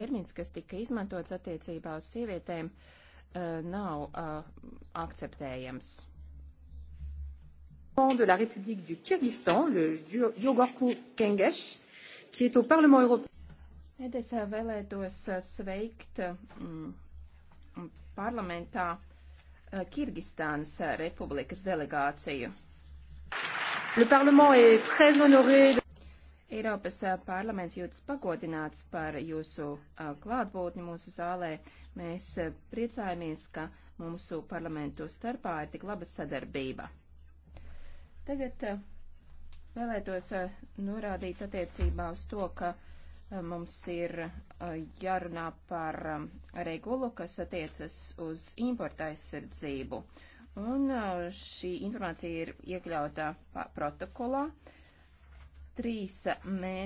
termins, kas tika izmantots attiecībā uz sievietēm, eh, nav eh, akceptējams. de la République du Kyrgyzstan, le Yogorku Kengesh, qui est au Parlement européen. Es eh, vēlētos sveikt mm, parlamentā Kirgistānas republikas delegāciju. Le Parlement est très honoré. De... Eiropas parlaments jūtas pagodināts par jūsu klātbūtni mūsu zālē. Mēs priecājamies, ka mūsu parlamentu starpā ir tik laba sadarbība. Tagad vēlētos norādīt attiecībā uz to, ka mums ir jārunā par regulu, kas attiecas uz importa aizsardzību. Un šī informācija ir iekļautā protokolā. Uh, trīs mēnešus.